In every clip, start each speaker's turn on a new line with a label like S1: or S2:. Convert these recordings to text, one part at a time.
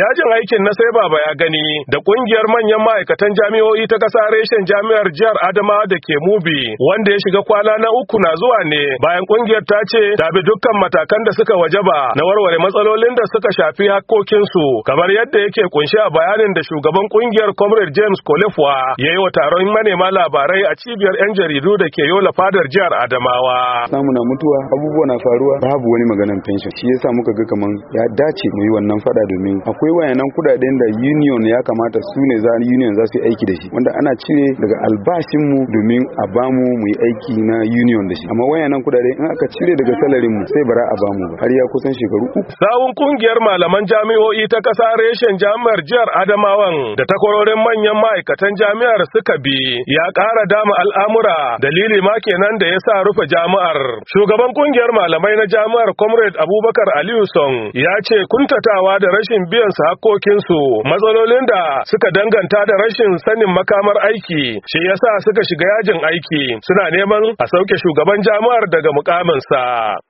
S1: Yajin aikin na sai baba ya gani da kungiyar manyan ma'aikatan jami'o'i ta kasa reshen jami'ar jihar Adama da ke Mubi wanda ya shiga kwana na uku na zuwa ne bayan kungiyar ta ce ta bi dukkan matakan da suka waje ba na warware matsalolin da suka shafi hakkokinsu kamar yadda yake kunshi a bayanin da shugaban kungiyar Comrade James Kolefwa ya yi wa taron manema labarai a cibiyar 'yan jaridu da ke yola fadar jihar Adamawa. Samu na mutuwa abubuwa na faruwa babu wani maganan pension shi yasa muka ga kaman ya dace mu yi wannan fada domin akwai wayannan kudaden da union ya kamata su ne za union za su yi aiki da shi wanda ana cire daga albashin mu domin a bamu mu yi aiki na union da shi amma wayannan kudade in aka cire daga salarin mu sai bara a bamu ba har ya kusan shekaru uku sabon kungiyar malaman jami'o'i ta kasa reshen jami'ar jihar Adamawan da takwarorin manyan ma'aikatan jami'ar suka bi ya kara dama al'amura dalili ma kenan da ya sa rufe jami'ar shugaban kungiyar malamai na jami'ar comrade abubakar aliyu song ya ce kuntatawa da rashin biyan kansu hakokinsu matsalolin da suka danganta da rashin sanin makamar aiki shi yasa suka shiga yajin aiki suna neman a sauke shugaban jami'ar daga mukaminsa.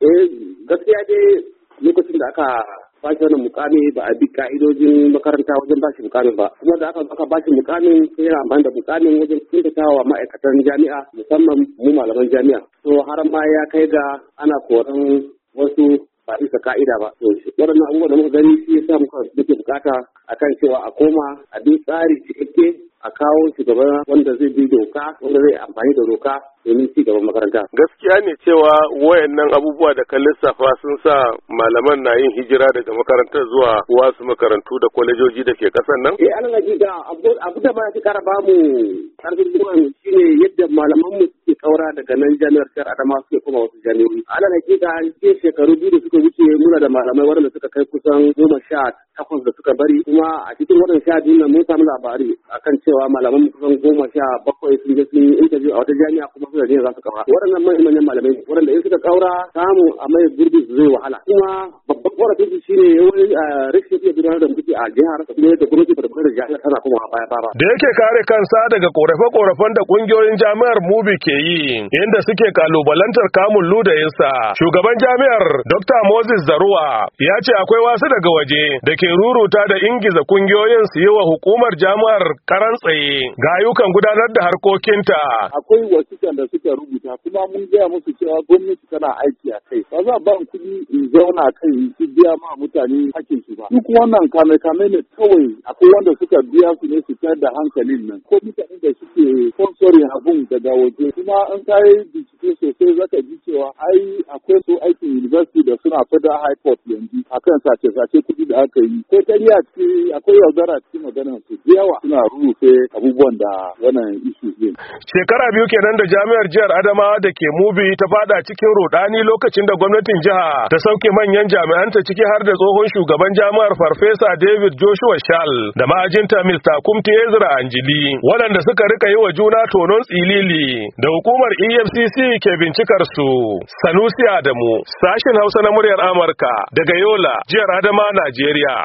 S2: Eh, gaskiya dai lokacin da aka bashi wannan mukami ba a bi ka'idojin makaranta wajen bashi mukamin ba kuma da aka aka bashi mukamin sai yana amfani da mukamin wajen kuntatawa ma'aikatan jami'a musamman mu malaman jami'a to har ma ya kai ga ana koran wasu ba isa ka'ida ba to waɗannan abubuwa da muka gani shi yasa muka duke bukata akan cewa a koma a bi tsari cikakke a kawo shugaba wanda zai bi doka wanda zai amfani da doka domin ci gaban makaranta.
S1: Gaskiya ne cewa wayannan abubuwa da ka lissafa sun sa malaman na yin hijira daga makarantar zuwa wasu makarantu da kwalejoji da ke kasan nan? Eh ana
S2: hakika abu da ba ya kara ba mu karfin shine yadda malaman mu suke kaura daga nan jami'ar Shar Adama suke kuma wasu jami'o'i. Ana hakika an ce shekaru biyu da suka wuce muna da malamai waɗanda suka kai kusan goma sha takwas da suka bari kuma a cikin waɗanda sha biyu nan mun samu labari akan cewa malaman kusan goma sha bakwai sun je sun yi interview a wata jami'a kuma suna da za su kaura waɗannan manyan malamai waɗanda in suka kaura samu a mai gurbi
S1: zai wahala kuma
S2: babban korafin su shine wani rikin iya gudanar da mutum a jihar ne da gwamnati ba da jihar tana kuma a baya baya.
S1: da yake kare kansa daga korafe-korafen da ƙungiyoyin jami'ar mubi ke yi inda suke kalubalantar kamun ludayinsa shugaban jami'ar dr moses zaruwa ya ce akwai wasu daga waje da ke ruruta da ingiza kungiyoyin su yi wa hukumar jami'ar karan tsaye ga ayyukan gudanar da harkokinta akwai wasu da suka rubuta kuma mun gaya musu cewa gwamnati tana aiki a
S2: kai ba za ban kuɗi in zauna kai in ci biya ma mutane hakkin su ba duk wannan kame kame ne kawai akwai wanda suka biya su ne su da hankalin nan ko mutane da suke sponsorin abun daga waje kuma an kai bincike sosai zaka ji cewa ai akwai su aikin university da suna fada high court yanzu akan sace sace kuɗi da aka yi ko tariya ce akwai yaudara cikin maganar su da yawa suna rubuta abubuwan da wannan isu
S1: Shekara biyu kenan da jami'ar jihar Adamawa da ke Mubi ta fada cikin rudani lokacin da gwamnatin jiha ta sauke manyan jami'anta ciki har da tsohon shugaban jami'ar Farfesa David Joshua Shal da ma'ajinta Mr. Kumti Ezra Anjili waɗanda suka rika yi wa juna tonon tsilili da hukumar EFCC ke bincikar su. Sanusi Adamu, sashin Hausa na muryar Amurka daga Yola, jihar Adama, Najeriya.